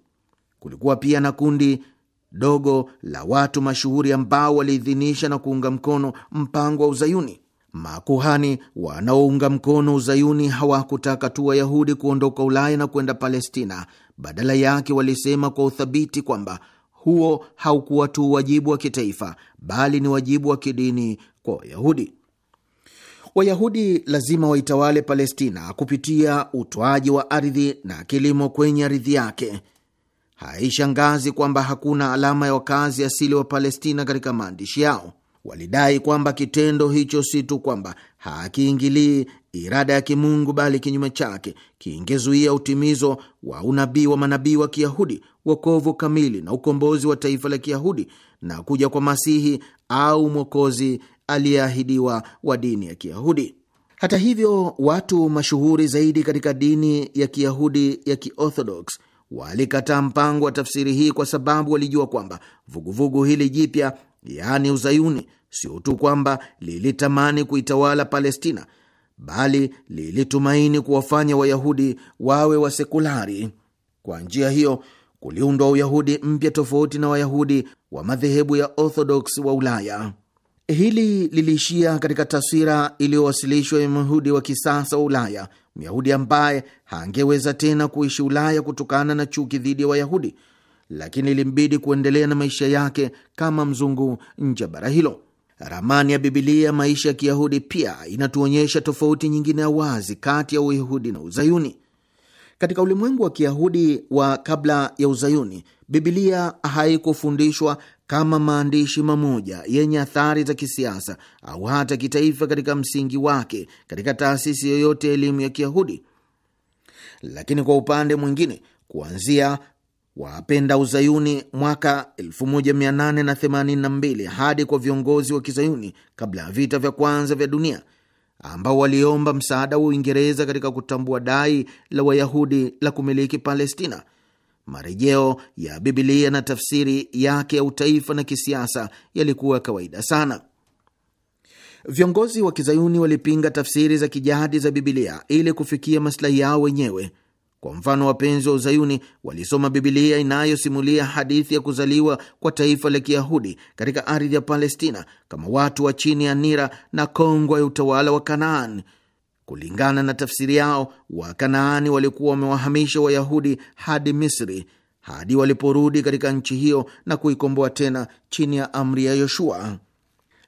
Kulikuwa pia na kundi dogo la watu mashuhuri ambao waliidhinisha na kuunga mkono mpango wa Uzayuni. Makuhani wanaounga mkono Uzayuni hawakutaka tu Wayahudi kuondoka Ulaya na kwenda Palestina, badala yake walisema kwa uthabiti kwamba huo haukuwa tu wajibu wa kitaifa, bali ni wajibu wa kidini kwa Wayahudi. Wayahudi lazima waitawale Palestina kupitia utoaji wa ardhi na kilimo kwenye ardhi yake. Haishangazi kwamba hakuna alama ya wakazi asili wa Palestina katika maandishi yao walidai kwamba kitendo hicho si tu kwamba hakiingilii irada ya kimungu bali kinyume chake kingezuia utimizo wa unabii wa manabii wa Kiyahudi, wokovu kamili na ukombozi wa taifa la Kiyahudi na kuja kwa Masihi au mwokozi aliyeahidiwa wa dini ya Kiyahudi. Hata hivyo, watu mashuhuri zaidi katika dini ya Kiyahudi ya Kiorthodox walikataa mpango wa tafsiri hii kwa sababu walijua kwamba vuguvugu hili jipya, yaani Uzayuni, sio tu kwamba lilitamani kuitawala Palestina, bali lilitumaini kuwafanya Wayahudi wawe wasekulari. Kwa njia hiyo kuliundwa Uyahudi mpya tofauti na Wayahudi wa madhehebu ya Orthodox wa Ulaya. Hili liliishia katika taswira iliyowasilishwa ya Myahudi wa kisasa wa Ulaya, Myahudi ambaye hangeweza tena kuishi Ulaya kutokana na chuki dhidi ya Wayahudi, lakini ilimbidi kuendelea na maisha yake kama mzungu nje ya bara hilo. Ramani ya Bibilia maisha ya Kiyahudi pia inatuonyesha tofauti nyingine ya wazi kati ya Uyahudi na Uzayuni. Katika ulimwengu wa Kiyahudi wa kabla ya Uzayuni, Bibilia haikufundishwa kama maandishi mamoja yenye athari za kisiasa au hata kitaifa katika msingi wake katika taasisi yoyote ya elimu ya Kiyahudi. Lakini kwa upande mwingine, kuanzia wapenda uzayuni mwaka 1882 hadi kwa viongozi wa kizayuni kabla ya vita vya kwanza vya dunia ambao waliomba msaada wa Uingereza katika kutambua dai la Wayahudi la kumiliki Palestina. Marejeo ya Bibilia na tafsiri yake ya utaifa na kisiasa yalikuwa kawaida sana. Viongozi wa kizayuni walipinga tafsiri za kijadi za Bibilia ili kufikia maslahi yao wenyewe. Kwa mfano, wapenzi wa Uzayuni walisoma Bibilia inayosimulia hadithi ya kuzaliwa kwa taifa la Kiyahudi katika ardhi ya Palestina kama watu wa chini ya nira na kongwa ya utawala wa Kanaani. Kulingana na tafsiri yao, Wakanaani walikuwa wamewahamisha Wayahudi hadi Misri hadi waliporudi katika nchi hiyo na kuikomboa tena chini ya amri ya Yoshua.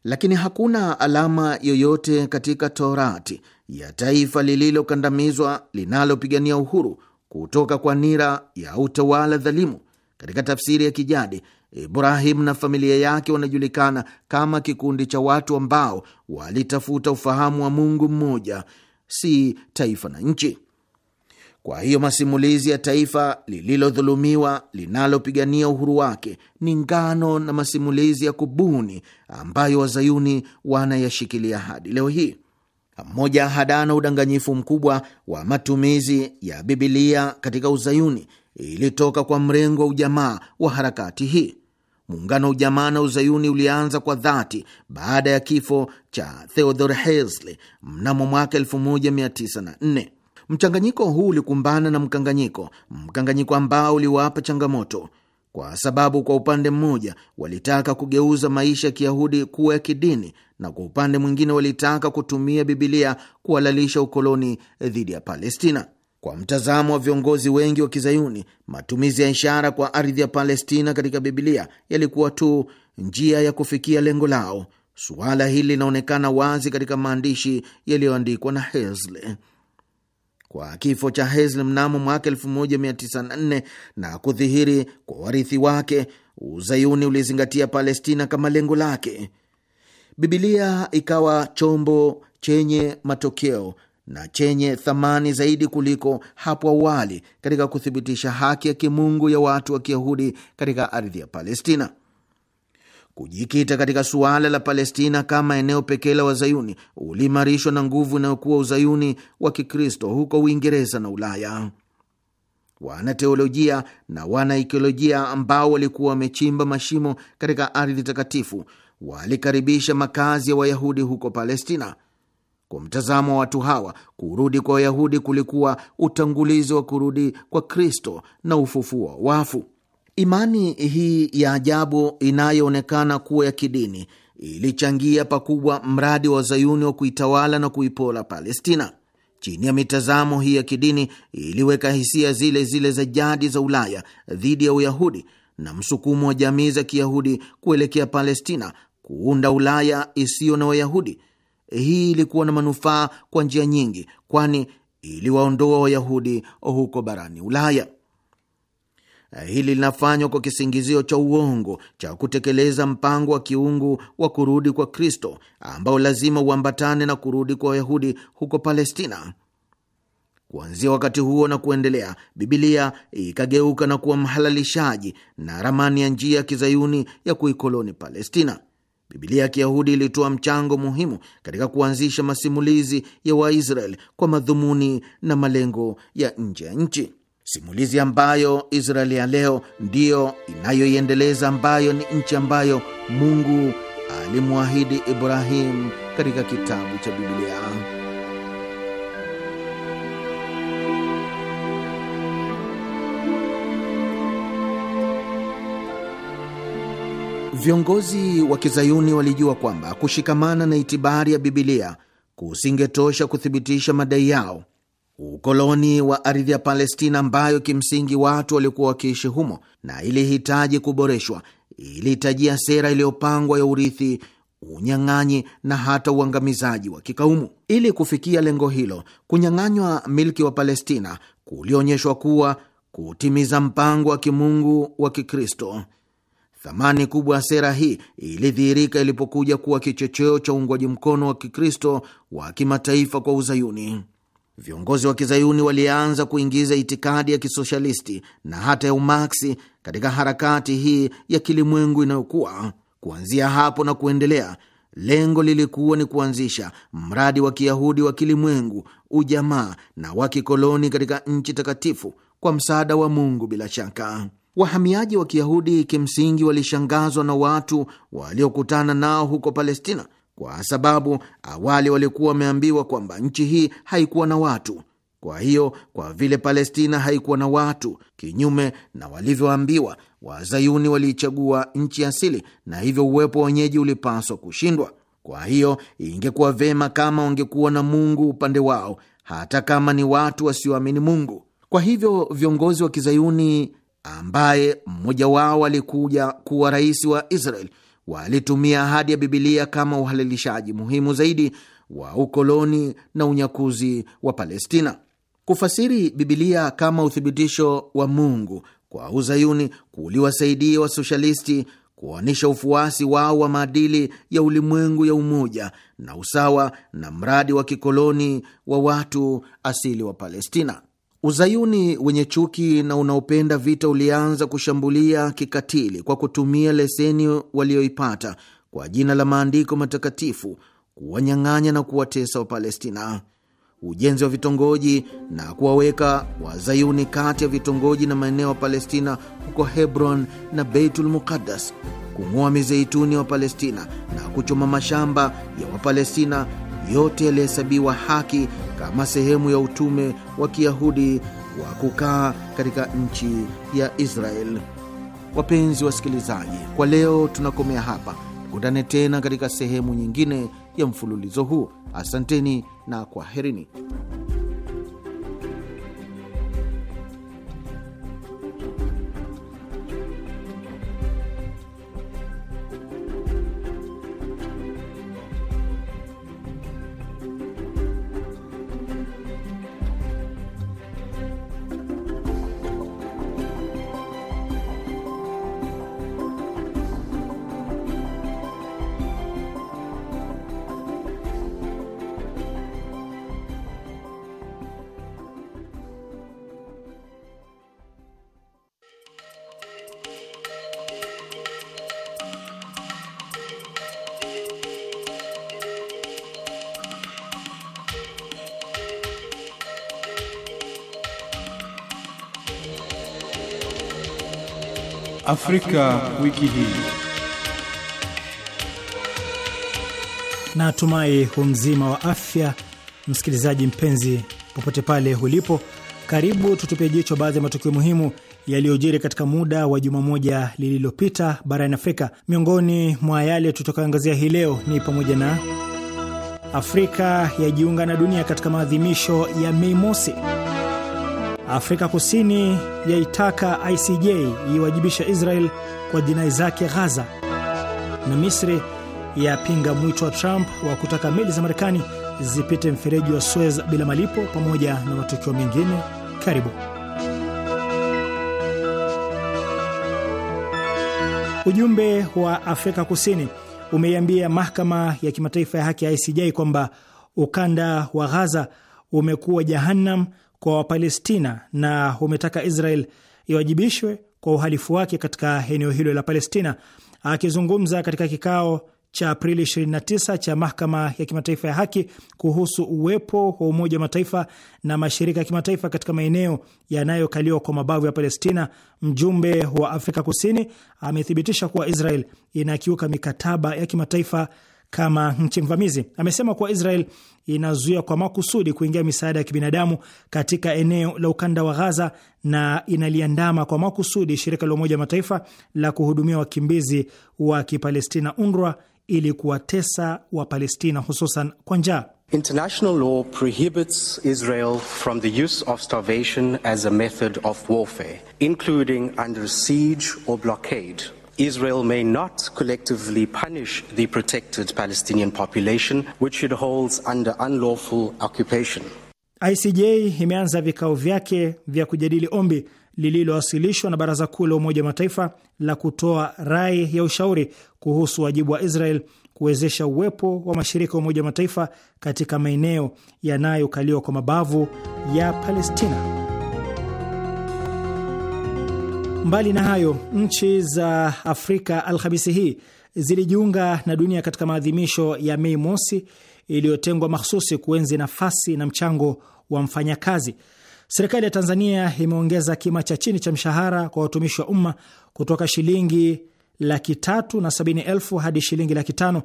Lakini hakuna alama yoyote katika Torati ya taifa lililokandamizwa linalopigania uhuru kutoka kwa nira ya utawala dhalimu. Katika tafsiri ya kijadi, Ibrahim na familia yake wanajulikana kama kikundi cha watu ambao walitafuta ufahamu wa Mungu mmoja, si taifa na nchi. Kwa hiyo masimulizi ya taifa lililodhulumiwa linalopigania uhuru wake ni ngano na masimulizi ya kubuni ambayo wazayuni wanayashikilia hadi leo hii. Mmoja hadana udanganyifu mkubwa wa matumizi ya Bibilia katika Uzayuni ilitoka kwa mrengo wa ujamaa wa harakati hii. Muungano wa ujamaa na Uzayuni ulianza kwa dhati baada ya kifo cha Theodor Herzl mnamo mwaka 1904. Mchanganyiko huu ulikumbana na mkanganyiko, mkanganyiko ambao uliwapa changamoto kwa sababu kwa upande mmoja walitaka kugeuza maisha ya Kiyahudi kuwa ya kidini na kwa upande mwingine walitaka kutumia Bibilia kuhalalisha ukoloni dhidi ya Palestina. Kwa mtazamo wa viongozi wengi wa Kizayuni, matumizi ya ishara kwa ardhi ya Palestina katika Bibilia yalikuwa tu njia ya kufikia lengo lao. Suala hili linaonekana wazi katika maandishi yaliyoandikwa na Herzl kwa kifo cha Hezl mnamo mwaka 1904 na kudhihiri kwa warithi wake, uzayuni ulizingatia Palestina kama lengo lake. Bibilia ikawa chombo chenye matokeo na chenye thamani zaidi kuliko hapo awali katika kuthibitisha haki ya kimungu ya watu wa Kiyahudi katika ardhi ya Palestina. Kujikita katika suala la Palestina kama eneo pekee la wazayuni uliimarishwa na nguvu inayokuwa uzayuni wa Kikristo huko Uingereza na Ulaya. Wanateolojia na wanaikolojia ambao walikuwa wamechimba mashimo katika ardhi takatifu walikaribisha makazi ya Wayahudi huko Palestina. Kwa mtazamo wa watu hawa, kurudi kwa Wayahudi kulikuwa utangulizi wa kurudi kwa Kristo na ufufuo wa wafu. Imani hii ya ajabu inayoonekana kuwa ya kidini ilichangia pakubwa mradi wa Zayuni wa kuitawala na kuipola Palestina. Chini ya mitazamo hii ya kidini iliweka hisia zile zile za jadi za Ulaya dhidi ya Uyahudi na msukumo wa jamii za Kiyahudi kuelekea Palestina kuunda Ulaya isiyo na Wayahudi. Hii ilikuwa na manufaa kwa njia nyingi, kwani iliwaondoa Wayahudi huko barani Ulaya. Eh, hili linafanywa kwa kisingizio cha uongo cha kutekeleza mpango wa kiungu wa kurudi kwa Kristo ambao lazima uambatane na kurudi kwa Wayahudi huko Palestina. Kuanzia wakati huo na kuendelea, Bibilia ikageuka na kuwa mhalalishaji na ramani ya njia ya kizayuni ya kuikoloni Palestina. Bibilia ya Kiyahudi ilitoa mchango muhimu katika kuanzisha masimulizi ya waisrael kwa madhumuni na malengo ya nje ya nchi simulizi ambayo Israeli ya leo ndiyo inayoiendeleza, ambayo ni nchi ambayo Mungu alimwahidi ibrahimu katika kitabu cha Biblia. Viongozi wa kizayuni walijua kwamba kushikamana na itibari ya Bibilia kusingetosha kuthibitisha madai yao. Ukoloni wa ardhi ya Palestina ambayo kimsingi watu walikuwa wakiishi humo na ilihitaji kuboreshwa, ilihitajia sera iliyopangwa ya urithi, unyang'anyi na hata uangamizaji wa kikaumu. Ili kufikia lengo hilo, kunyang'anywa milki wa Palestina kulionyeshwa kuwa kutimiza mpango wa kimungu wa Kikristo. Thamani kubwa ya sera hii ilidhihirika ilipokuja kuwa kichocheo cha uungwaji mkono wa Kikristo wa kimataifa kwa Uzayuni viongozi wa kizayuni walianza kuingiza itikadi ya kisoshalisti na hata ya umaksi katika harakati hii ya kilimwengu inayokuwa. Kuanzia hapo na kuendelea, lengo lilikuwa ni kuanzisha mradi wa kiyahudi wa kilimwengu, ujamaa na wa kikoloni katika nchi takatifu kwa msaada wa Mungu. Bila shaka wahamiaji wa kiyahudi kimsingi walishangazwa na watu waliokutana nao huko Palestina kwa sababu awali walikuwa wameambiwa kwamba nchi hii haikuwa na watu. Kwa hiyo, kwa vile Palestina haikuwa na watu, kinyume na walivyoambiwa, Wazayuni waliichagua nchi asili, na hivyo uwepo wa wenyeji ulipaswa kushindwa. Kwa hiyo, ingekuwa vema kama wangekuwa na Mungu upande wao, hata kama ni watu wasioamini Mungu. Kwa hivyo, viongozi wa Kizayuni ambaye mmoja wao alikuja kuwa rais wa Israel walitumia ahadi ya Bibilia kama uhalilishaji muhimu zaidi wa ukoloni na unyakuzi wa Palestina. Kufasiri Bibilia kama uthibitisho wa Mungu kwa Uzayuni kuliwasaidia wasoshalisti kuonyesha ufuasi wao wa maadili ya ulimwengu ya umoja na usawa na mradi wa kikoloni wa watu asili wa Palestina. Uzayuni wenye chuki na unaopenda vita ulianza kushambulia kikatili kwa kutumia leseni walioipata kwa jina la maandiko matakatifu kuwanyang'anya na kuwatesa Wapalestina. Ujenzi wa vitongoji na kuwaweka Wazayuni kati ya vitongoji na maeneo ya Palestina huko Hebron na Beitul Muqaddas, kung'oa mizeituni ya Wapalestina na kuchoma mashamba ya Wapalestina yote yalihesabiwa haki kama sehemu ya utume wa Kiyahudi wa kukaa katika nchi ya israel Wapenzi wasikilizaji, kwa leo tunakomea hapa. Tukutane tena katika sehemu nyingine ya mfululizo huu. Asanteni na kwaherini. Afrika wiki hii. Na tumai wa afya, msikilizaji mpenzi, popote pale ulipo, karibu tutupie jicho baadhi ya matukio muhimu yaliyojiri katika muda wa juma moja lililopita barani Afrika. Miongoni mwa yale tutakayoangazia hii leo ni pamoja na Afrika yajiunga na dunia katika maadhimisho ya Mei Mosi. Afrika Kusini yaitaka ICJ iwajibisha Israel kwa jinai zake Ghaza, na Misri yapinga mwito wa Trump wa kutaka meli za Marekani zipite mfereji wa Suez bila malipo, pamoja na matukio mengine. Karibu ujumbe wa Afrika Kusini umeiambia mahakama ya kimataifa ya haki ya ICJ kwamba ukanda wa Ghaza umekuwa jahannam kwa Wapalestina na umetaka Israel iwajibishwe kwa uhalifu wake katika eneo hilo la Palestina. Akizungumza katika kikao cha Aprili 29 cha mahakama ya kimataifa ya haki kuhusu uwepo wa Umoja wa Mataifa na mashirika ya kimataifa katika maeneo yanayokaliwa kwa mabavu ya Palestina, mjumbe wa Afrika Kusini amethibitisha kuwa Israel inakiuka mikataba ya kimataifa kama nchi mvamizi. Amesema kuwa Israel inazuia kwa makusudi kuingia misaada ya kibinadamu katika eneo la ukanda wa Ghaza na inaliandama kwa makusudi shirika la Umoja wa Mataifa la kuhudumia wakimbizi wa Kipalestina, UNRWA, ili kuwatesa Wapalestina hususan kwa njaa. International law prohibits Israel from the use of starvation as a method of warfare, including under siege or blockade. Israel may not collectively punish the protected Palestinian population which it holds under unlawful occupation. ICJ imeanza vikao vyake vya kujadili ombi lililowasilishwa na Baraza Kuu la Umoja wa Mataifa la kutoa rai ya ushauri kuhusu wajibu wa Israel kuwezesha uwepo wa mashirika ya Umoja wa Mataifa katika maeneo yanayokaliwa kwa mabavu ya Palestina. Mbali na hayo, nchi za Afrika Alhamisi hii zilijiunga na dunia katika maadhimisho ya Mei Mosi iliyotengwa mahsusi kuenzi nafasi na mchango wa mfanyakazi. Serikali ya Tanzania imeongeza kima cha chini cha mshahara kwa watumishi wa umma kutoka shilingi laki tatu na sabini elfu hadi shilingi laki tano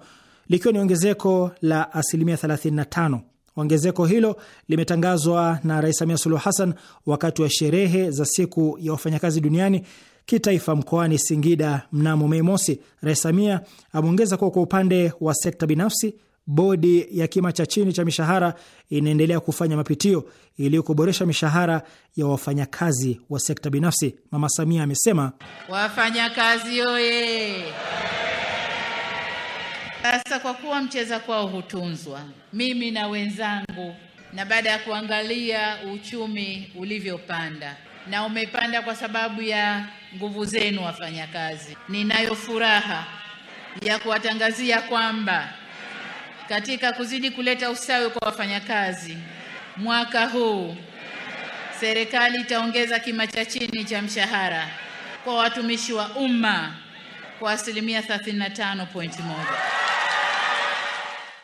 likiwa ni ongezeko la asilimia 35. Ongezeko hilo limetangazwa na Rais Samia Suluhu Hassan wakati wa sherehe za siku ya wafanyakazi duniani kitaifa mkoani Singida mnamo Mei Mosi. Rais Samia ameongeza kuwa kwa upande wa sekta binafsi, bodi ya kima cha chini cha mishahara inaendelea kufanya mapitio ili kuboresha mishahara ya wafanyakazi wa sekta binafsi. Mama Samia amesema, wafanyakazi oye! Sasa kwa kuwa mcheza kwao hutunzwa, mimi na wenzangu, na baada ya kuangalia uchumi ulivyopanda na umepanda kwa sababu ya nguvu zenu wafanyakazi, ninayo furaha ya kuwatangazia kwamba katika kuzidi kuleta ustawi kwa wafanyakazi, mwaka huu serikali itaongeza kima cha chini cha mshahara kwa watumishi wa umma kwa asilimia 35.1.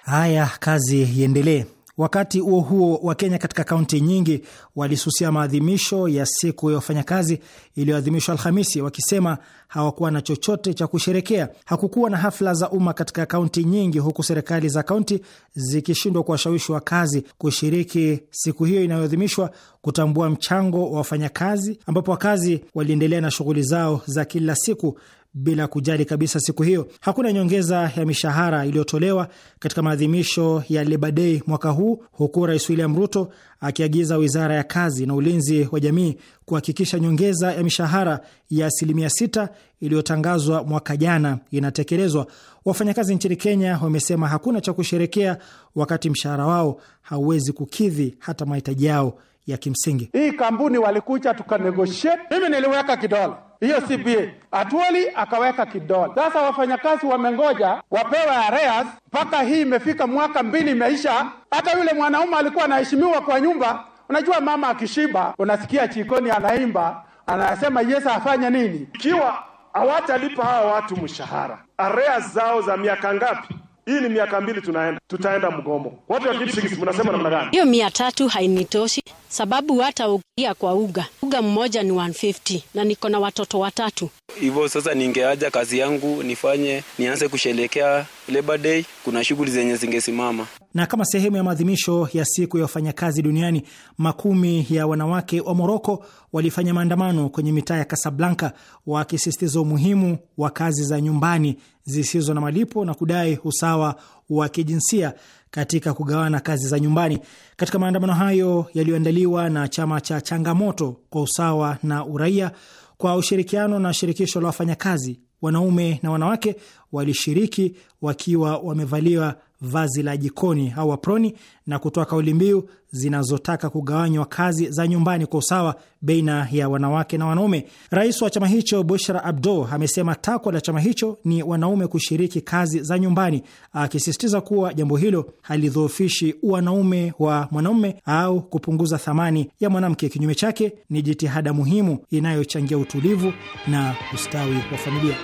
Haya, kazi iendelee. Wakati huo huo, Wakenya katika kaunti nyingi walisusia maadhimisho ya siku ya wafanyakazi iliyoadhimishwa Alhamisi wakisema hawakuwa na chochote cha kusherekea. Hakukuwa na hafla za umma katika kaunti nyingi, huku serikali za kaunti zikishindwa kuwashawishi wakazi kushiriki siku hiyo inayoadhimishwa kutambua mchango wa wafanyakazi, ambapo wakazi waliendelea na shughuli zao za kila siku bila kujali kabisa siku hiyo. Hakuna nyongeza ya mishahara iliyotolewa katika maadhimisho ya Labour Day mwaka huu, huku Rais William Ruto akiagiza wizara ya kazi na ulinzi wa jamii kuhakikisha nyongeza ya mishahara ya asilimia sita iliyotangazwa mwaka jana inatekelezwa. Wafanyakazi nchini Kenya wamesema hakuna cha kusherekea wakati mshahara wao hauwezi kukidhi hata mahitaji yao ya kimsingi. Hii kampuni walikuja tukanegotiate, mimi niliweka kidola hiyo CBA atuoli akaweka kidola. Sasa wafanyakazi wamengoja wapewe areas mpaka hii imefika mwaka mbili imeisha. Hata yule mwanaume alikuwa anaheshimiwa kwa nyumba. Unajua, mama akishiba unasikia chikoni anaimba, anasema Yesu afanye nini? Ikiwa hawatalipa hawa watu mshahara, areas zao za miaka ngapi? Hii ni miaka mbili tunaenda, tutaenda mgomo. Watu wa Kipsigis mnasema namna gani? Hiyo mia tatu hainitoshi, sababu hata ukia kwa uga uga mmoja ni 150 na niko na watoto watatu. Hivyo sasa, ningeaja kazi yangu nifanye, nianze kushelekea Labor Day kuna shughuli zenye zingesimama. Na kama sehemu ya maadhimisho ya siku ya wafanyakazi duniani, makumi ya wanawake wa Moroko walifanya maandamano kwenye mitaa ya Kasablanka, wakisisitiza umuhimu wa kazi za nyumbani zisizo na malipo na kudai usawa wa kijinsia katika kugawana kazi za nyumbani. Katika maandamano hayo yaliyoandaliwa na chama cha changamoto kwa usawa na uraia kwa ushirikiano na shirikisho la wafanyakazi wanaume na wanawake walishiriki wakiwa wamevaliwa vazi la jikoni au aproni na kutoa kauli mbiu zinazotaka kugawanywa kazi za nyumbani kwa usawa baina ya wanawake na wanaume. Rais wa chama hicho Bushra Abdo amesema takwa la chama hicho ni wanaume kushiriki kazi za nyumbani, akisisitiza kuwa jambo hilo halidhoofishi wanaume wa mwanaume au kupunguza thamani ya mwanamke. Kinyume chake, ni jitihada muhimu inayochangia utulivu na ustawi wa familia.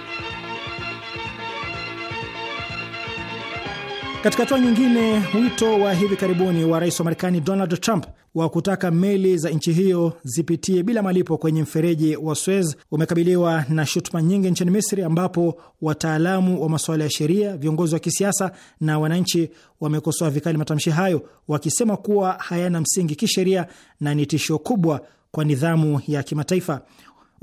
Katika hatua nyingine, wito wa hivi karibuni wa rais wa Marekani Donald Trump wa kutaka meli za nchi hiyo zipitie bila malipo kwenye mfereji wa Suez umekabiliwa na shutuma nyingi nchini Misri, ambapo wataalamu wa masuala ya sheria, viongozi wa kisiasa na wananchi wamekosoa vikali matamshi hayo, wakisema kuwa hayana msingi kisheria na ni tishio kubwa kwa nidhamu ya kimataifa.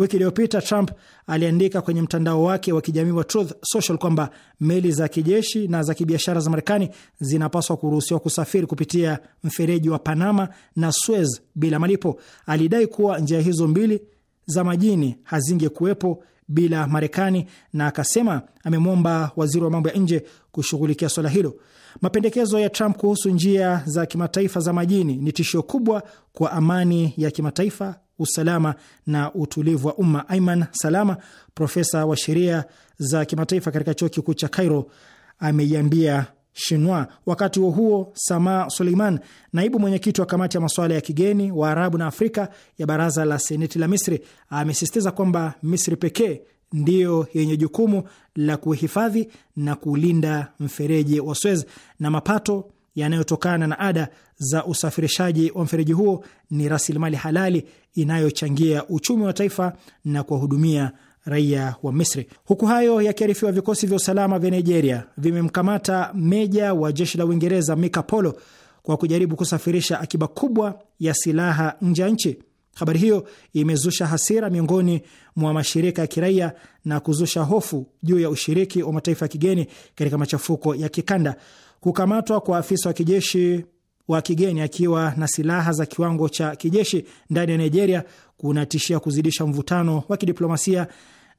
Wiki iliyopita Trump aliandika kwenye mtandao wake wa kijamii wa Truth Social kwamba meli za kijeshi na za kibiashara za Marekani zinapaswa kuruhusiwa kusafiri kupitia mfereji wa Panama na Suez bila malipo. Alidai kuwa njia hizo mbili za majini hazingekuwepo bila Marekani na akasema amemwomba waziri wa mambo ya nje kushughulikia swala hilo. Mapendekezo ya Trump kuhusu njia za kimataifa za majini ni tishio kubwa kwa amani ya kimataifa usalama na utulivu wa umma. Aiman Salama, profesa wa sheria za kimataifa katika chuo kikuu cha Cairo, ameiambia Shinwa. Wakati huo huo, Sama Suleiman, naibu mwenyekiti wa kamati ya masuala ya kigeni wa Arabu na Afrika ya baraza la seneti la Misri, amesisitiza kwamba Misri pekee ndiyo yenye jukumu la kuhifadhi na kulinda mfereji wa Suez na mapato yanayotokana na ada za usafirishaji wa mfereji huo ni rasilimali halali inayochangia uchumi wa taifa na kuwahudumia raia wa Misri. Huku hayo yakiarifiwa, vikosi vya usalama vya Nigeria vimemkamata meja wa jeshi la Uingereza Mika Polo kwa kujaribu kusafirisha akiba kubwa ya silaha nje ya nchi. Habari hiyo imezusha hasira miongoni mwa mashirika ya kiraia na kuzusha hofu juu ya ushiriki wa mataifa ya kigeni katika machafuko ya kikanda kukamatwa kwa afisa wa kijeshi wa kigeni akiwa na silaha za kiwango cha kijeshi ndani ya Nigeria kunatishia kuzidisha mvutano wa kidiplomasia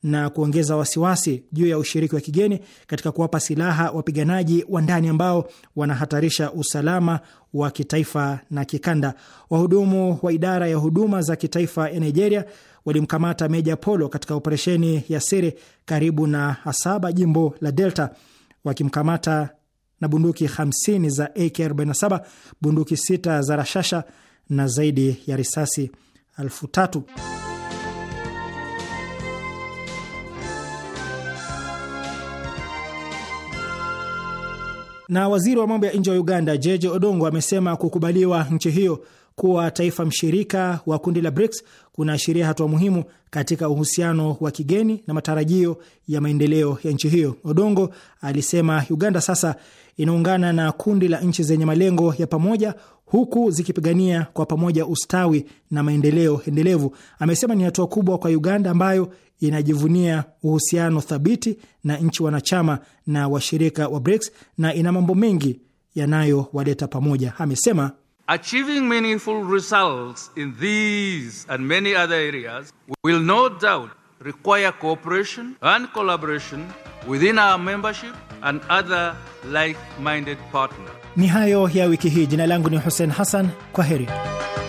na kuongeza wasiwasi juu ya ushiriki wa kigeni katika kuwapa silaha wapiganaji wa ndani ambao wanahatarisha usalama wa kitaifa na kikanda. Wahudumu wa idara ya huduma za kitaifa ya Nigeria walimkamata Meja Polo katika operesheni ya siri karibu na Asaba, jimbo la Delta, wakimkamata na bunduki 50 za AK47, bunduki sita za rashasha na zaidi ya risasi elfu tatu. Na waziri wa mambo ya nje wa Uganda Jeje Odongo amesema kukubaliwa nchi hiyo kuwa taifa mshirika wa kundi la BRICS kunaashiria hatua muhimu katika uhusiano wa kigeni na matarajio ya maendeleo ya nchi hiyo. Odongo alisema Uganda sasa inaungana na kundi la nchi zenye malengo ya pamoja huku zikipigania kwa pamoja ustawi na maendeleo endelevu. Amesema ni hatua kubwa kwa Uganda ambayo inajivunia uhusiano thabiti na nchi wanachama na washirika wa BRICS na ina mambo mengi yanayowaleta pamoja. Amesema Achieving meaningful results in these and many other areas will no doubt require cooperation and collaboration within our membership and other like-minded partners. Ni hayo ya wiki hii. Jina langu ni Hussein Hassan. Kwa heri.